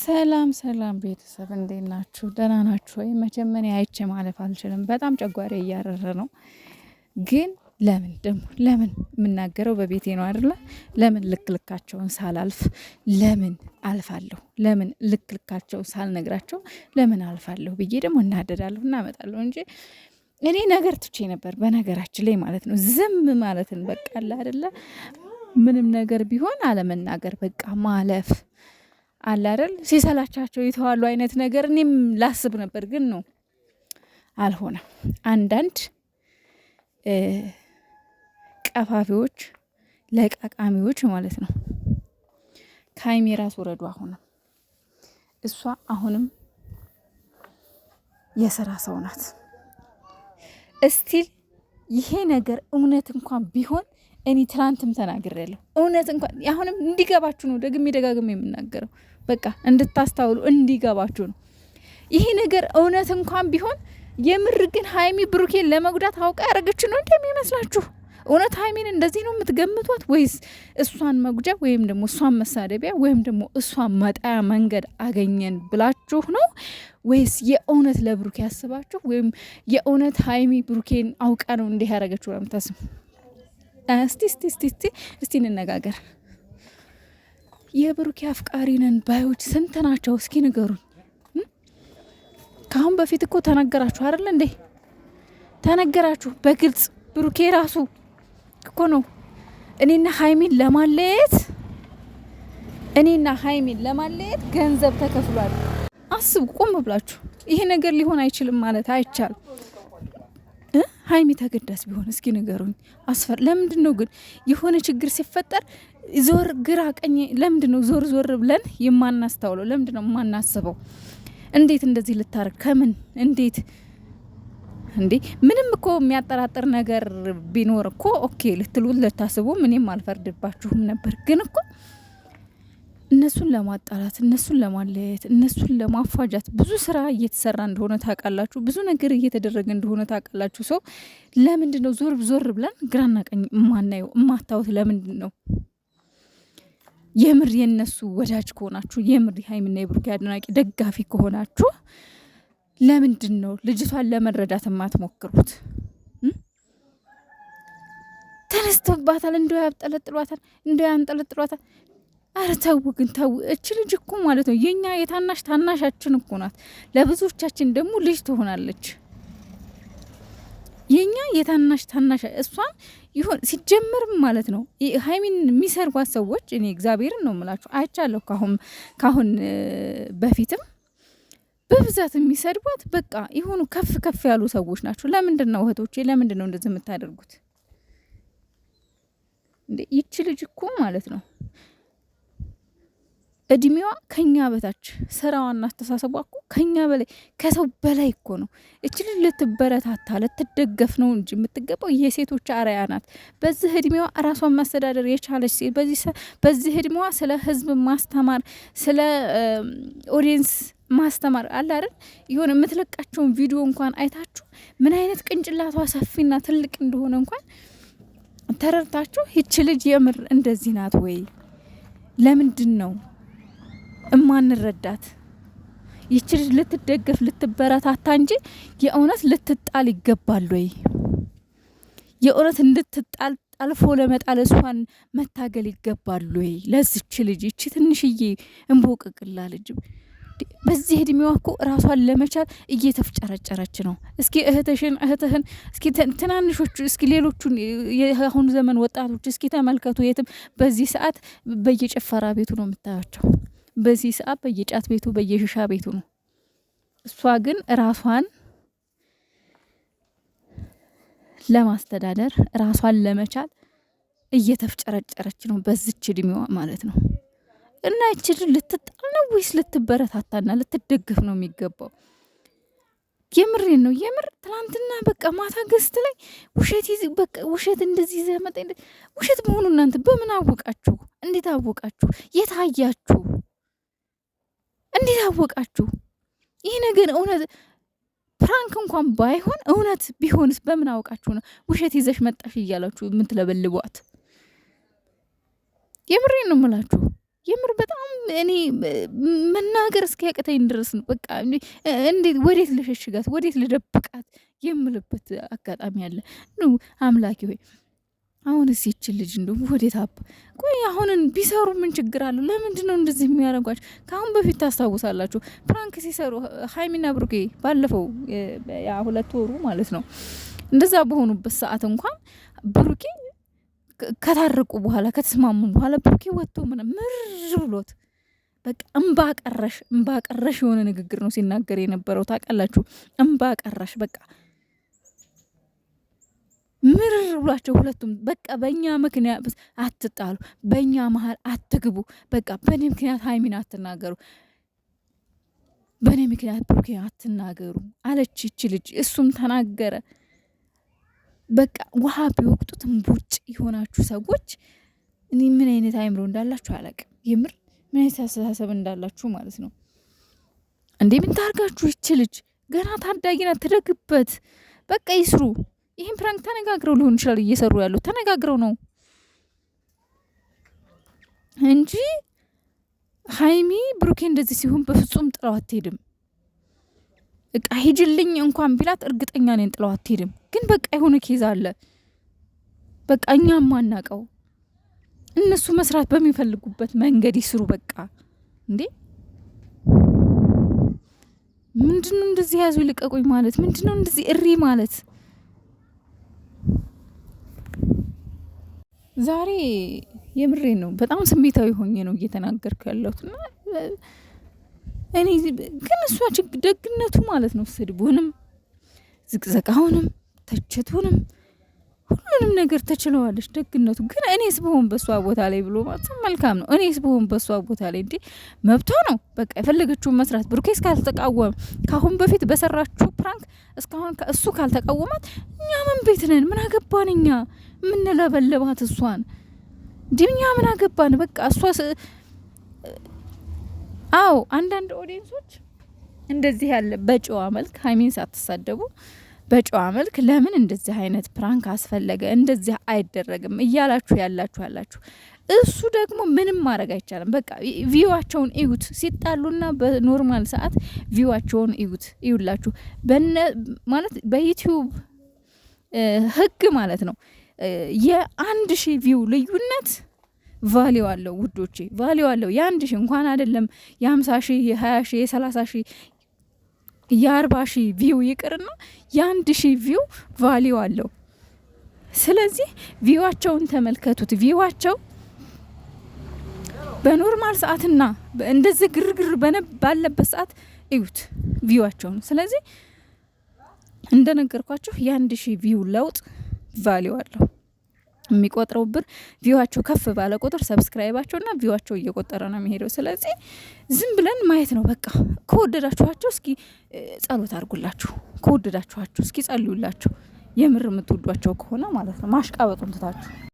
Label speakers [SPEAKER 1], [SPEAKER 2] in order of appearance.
[SPEAKER 1] ሰላም ሰላም ቤተሰብ እንዴት ናችሁ? ደህና ናችሁ ወይ? መጀመሪያ አይቼ ማለፍ አልችልም። በጣም ጨጓሬ እያረረ ነው። ግን ለምን ደግሞ ለምን የምናገረው በቤቴ ነው አይደለ? ለምን ልክ ልካቸውን ሳላልፍ ለምን አልፋለሁ? ለምን ልክ ልካቸው ሳልነግራቸው ለምን አልፋለሁ ብዬ ደግሞ እናደዳለሁ እናመጣለሁ እንጂ እኔ ነገር ትቼ ነበር። በነገራችን ላይ ማለት ነው ዝም ማለትን በቃ አለ አይደለ? ምንም ነገር ቢሆን አለመናገር በቃ ማለፍ አለ አይደል ሲሰላቻቸው የተዋሉ አይነት ነገር እኔም ላስብ ነበር፣ ግን ነው አልሆነ። አንዳንድ ቀፋፊዎች ለቃቃሚዎች ማለት ነው። ካይሜራ ራስ አሁንም እሷ አሁንም የስራ ሰው ናት እስቲል ይሄ ነገር እውነት እንኳን ቢሆን እኔ ትናንትም ተናግሬያለሁ። እውነት እንኳን አሁንም እንዲገባችሁ ነው ደግሜ ደጋግሜ የምናገረው፣ በቃ እንድታስታውሉ እንዲገባችሁ ነው። ይሄ ነገር እውነት እንኳን ቢሆን የምር ግን ሀይሚ ብሩኬን ለመጉዳት አውቃ ያደረገችው ነው የሚመስላችሁ? እውነት ሀይሚን እንደዚህ ነው የምትገምቷት? ወይስ እሷን መጉጃ ወይም ደግሞ እሷን መሳደቢያ ወይም ደግሞ እሷን መጣያ መንገድ አገኘን ብላችሁ ነው? ወይስ የእውነት ለብሩኬ ያስባችሁ ወይም የእውነት ሀይሚ ብሩኬን አውቃ ነው እንዲህ ያደረገችው ነው እስቲ እስቲ እስቲ እስቲ እስቲ እንነጋገር። የብሩኬ አፍቃሪ ነን ባዮች ስንት ናቸው? እስኪ ንገሩን። ከአሁን በፊት እኮ ተነገራችሁ አይደል እንዴ? ተነገራችሁ በግልጽ ብሩኬ ራሱ እኮ ነው እኔና ሀይሚን ለማለየት እኔና ሀይሚን ለማለየት ገንዘብ ተከፍሏል። አስቡ፣ ቆም ብላችሁ ይሄ ነገር ሊሆን አይችልም ማለት አይቻልም። ሀይሚ ተገዳስ ቢሆን እስኪ ንገሩኝ። አስፈር ለምንድን ነው ግን የሆነ ችግር ሲፈጠር ዞር ግራ ቀኝ ለምንድን ነው ዞር ዞር ብለን የማናስተውለው? ለምንድን ነው የማናስበው? እንዴት እንደዚህ ልታረግ ከምን እንዴት እንዴ ምንም እኮ የሚያጠራጥር ነገር ቢኖር እኮ ኦኬ ልትሉ ልታስቡ፣ እኔም አልፈርድባችሁም ነበር ግን እኮ እነሱን ለማጣላት እነሱን ለማለየት እነሱን ለማፋጃት ብዙ ስራ እየተሰራ እንደሆነ ታውቃላችሁ። ብዙ ነገር እየተደረገ እንደሆነ ታውቃላችሁ። ሰው ለምንድን ነው ዞር ዞር ብለን ግራና ቀኝ እማናየው እማታወት? ለምንድን ነው የምር የነሱ ወዳጅ ከሆናችሁ የምር የሀይምና የብሩኬ አድናቂ ደጋፊ ከሆናችሁ ለምንድን ነው ልጅቷን ለመረዳት የማትሞክሩት? ተነስተባታል፣ እንደ ያብጠለጥሏታል፣ እንደ ያንጠለጥሏታል። አረ ተው ግን ተው። እች ልጅ እኮ ማለት ነው የኛ የታናሽ ታናሻችን እኮ ናት። ለብዙዎቻችን ደግሞ ልጅ ትሆናለች። የኛ የታናሽ ታናሽ እሷን ይሁን ሲጀመርም ማለት ነው ሀይሚን የሚሰርጓት ሰዎች እኔ እግዚአብሔርን ነው ምላችሁ አይቻለሁ። ካሁን ካሁን በፊትም በብዛት የሚሰድቧት በቃ የሆኑ ከፍ ከፍ ያሉ ሰዎች ናቸው። ለምንድን ነው እህቶቼ፣ ለምንድን ነው እንደዚህ የምታደርጉት? ይች ልጅ እኮ ማለት ነው እድሜዋ ከኛ በታች ስራዋና አስተሳሰቧ እኮ ከኛ በላይ ከሰው በላይ እኮ ነው። እችልን ልትበረታታ ልትደገፍ ነው እንጂ የምትገባው የሴቶች አርያ ናት። በዚህ እድሜዋ ራሷን ማስተዳደር የቻለች በዚህ እድሜዋ ስለ ህዝብ ማስተማር ስለ ኦዲየንስ ማስተማር አለ አይደል? የሆነ የምትለቃቸውን ቪዲዮ እንኳን አይታችሁ ምን አይነት ቅንጭላቷ ሰፊና ትልቅ እንደሆነ እንኳን ተረድታችሁ ይች ልጅ የምር እንደዚህ ናት ወይ? ለምንድን ነው እማንረዳት ይች ልጅ ልትደገፍ ልትበረታታ እንጂ የእውነት ልትጣል ይገባል ወይ? የእውነት እንድትጣል አልፎ ለመጣል እሷን መታገል ይገባል ወይ? ለዚች ልጅ ይቺ ትንሽዬ እንቦቅቅላ ልጅ በዚህ እድሜዋ እኮ እራሷን ለመቻል እየተፍጨረጨረች ነው። እስኪ እህትሽን እህትህን እስኪ ትናንሾቹ እስኪ ሌሎቹን የአሁኑ ዘመን ወጣቶች እስኪ ተመልከቱ። የትም በዚህ ሰዓት በየጭፈራ ቤቱ ነው የምታያቸው። በዚህ ሰዓት በየጫት ቤቱ በየሽሻ ቤቱ ነው። እሷ ግን ራሷን ለማስተዳደር ራሷን ለመቻል እየተፍጨረጨረች ነው፣ በዝች እድሜዋ ማለት ነው። እና ይችልን ልትጣል ነው ወይስ ልትበረታታና ልትደግፍ ነው የሚገባው? የምሬን ነው። የምር ትናንትና በቃ ማታ ገስት ላይ ውሸት በቃ ውሸት እንደዚህ ዘመጠ ውሸት መሆኑ እናንተ በምን አወቃችሁ? እንዴት አወቃችሁ? የታያችሁ እንዴት አወቃችሁ? ይህ ነገር እውነት ፕራንክ እንኳን ባይሆን እውነት ቢሆንስ በምን አወቃችሁ ነው ውሸት ይዘሽ መጣሽ እያላችሁ የምትለበልቧት? የምሬ ነው ምላችሁ። የምር በጣም እኔ መናገር እስኪያቅተኝ ድረስ ነው። በቃ እንዴት ወዴት ልሸሽጋት፣ ወዴት ልደብቃት የምልበት አጋጣሚ አለ። አምላኪ ሆይ አሁን እስ ይችን ልጅ እንዲሁም ወዴት አባ ቆይ አሁንን ቢሰሩ ምን ችግር አለው? ለምንድን ነው እንደዚህ የሚያደርጓቸው? ከአሁን በፊት ታስታውሳላችሁ ፕራንክ ሲሰሩ ሀይሚና ብሩኬ ባለፈው ሁለት ወሩ ማለት ነው እንደዛ በሆኑበት ሰዓት እንኳን ብሩኬ ከታረቁ በኋላ ከተስማሙ በኋላ ብሩኬ ወጥቶ ምን ምር ብሎት በቃ እምባ ቀረሽ የሆነ ንግግር ነው ሲናገር የነበረው ታውቃላችሁ። እምባ በቃ ምርር ብሏቸው ሁለቱም በቃ በእኛ ምክንያት አትጣሉ፣ በእኛ መሀል አትግቡ፣ በቃ በእኔ ምክንያት ሀይሚን አትናገሩ፣ በእኔ ምክንያት ብሩኬ አትናገሩ አለች ይች ልጅ። እሱም ተናገረ። በቃ ውሃ ቢወቅጡትም ቡጭ የሆናችሁ ሰዎች እኔ ምን አይነት አይምሮ እንዳላችሁ አላቅም። የምር ምን አይነት አስተሳሰብ እንዳላችሁ ማለት ነው። እንዴ ምን ታርጋችሁ? ይች ልጅ ገና ታዳጊ ናት፣ ትደግበት። በቃ ይስሩ። ይህን ፕራንክ ተነጋግረው ሊሆን ይችላል እየሰሩ ያሉት ተነጋግረው ነው እንጂ ሀይሚ ብሩኬ እንደዚህ ሲሆን በፍጹም ጥለው አትሄድም። እቃ ሂጅልኝ እንኳን ቢላት እርግጠኛ ነን ጥለው አትሄድም። ግን በቃ የሆነ ኬዝ አለ። በቃ እኛም ማናቀው እነሱ መስራት በሚፈልጉበት መንገድ ይስሩ። በቃ እንዴ ምንድነው እንደዚህ ያዙ ይልቀቁኝ ማለት ምንድነው እንደዚህ እሪ ማለት ዛሬ የምሬ ነው። በጣም ስሜታዊ ሆኜ ነው እየተናገርኩ ያለሁት እና እኔ ግን እሷ ደግነቱ ማለት ነው ስድቡንም ዝቅዘቃውንም ተችቱንም ሁሉንም ነገር ተችለዋለች። ደግነቱ ግን እኔስ በሆን በሷ ቦታ ላይ ብሎ ማሰብ መልካም ነው። እኔስ በሆን በሷ ቦታ ላይ እንዴ መብቷ ነው። በቃ የፈለገችውን መስራት ብሩኬስ ካልተቃወመ ካሁን በፊት በሰራችሁ ፕራንክ እስካሁን እሱ ካልተቃወማት እኛ ምን ቤት ነን? ምን አገባን እኛ የምንለበለባት እሷን እንዲህ ምን አገባን? በቃ እሷ አዎ አንዳንድ ኦዲየንሶች እንደዚህ ያለ በጨዋ መልክ ሀይሚን ሳትሳደቡ በጨዋ መልክ ለምን እንደዚህ አይነት ፕራንክ አስፈለገ? እንደዚህ አይደረግም እያላችሁ ያላችሁ አላችሁ። እሱ ደግሞ ምንም ማድረግ አይቻልም። በቃ ቪዋቸውን እዩት፣ ሲጣሉና በኖርማል ሰዓት ቪዋቸውን እዩት። እዩላችሁ ማለት በዩቲዩብ ህግ ማለት ነው የአንድ ሺህ ቪው ልዩነት ቫሊው አለው ውዶቼ፣ ቫሊው አለው። የአንድ ሺህ እንኳን አይደለም የሀምሳ ሺህ የሀያ ሺህ የሰላሳ ሺህ የአርባ ሺህ ቪው ይቅርና የአንድ ሺህ ቪው ቫሊው አለው። ስለዚህ ቪዋቸውን ተመልከቱት። ቪዋቸው በኖርማል ሰዓትና እንደዚህ ግርግር ባለበት ሰዓት እዩት ቪዋቸውን። ስለዚህ እንደነገርኳችሁ የአንድ ሺህ ቪው ለውጥ ቫሊው አለው። የሚቆጥረው ብር ቪዋቸው ከፍ ባለ ቁጥር ሰብስክራይባቸውና ቪዋቸው እየቆጠረ ነው የሚሄደው። ስለዚህ ዝም ብለን ማየት ነው በቃ። ከወደዳችኋቸው እስኪ ጸሎት አድርጉላችሁ፣ ከወደዳችኋቸው እስኪ ጸልዩላችሁ፣ የምር የምትወዷቸው ከሆነ ማለት ነው። ማሽቃበጡን ትታችሁ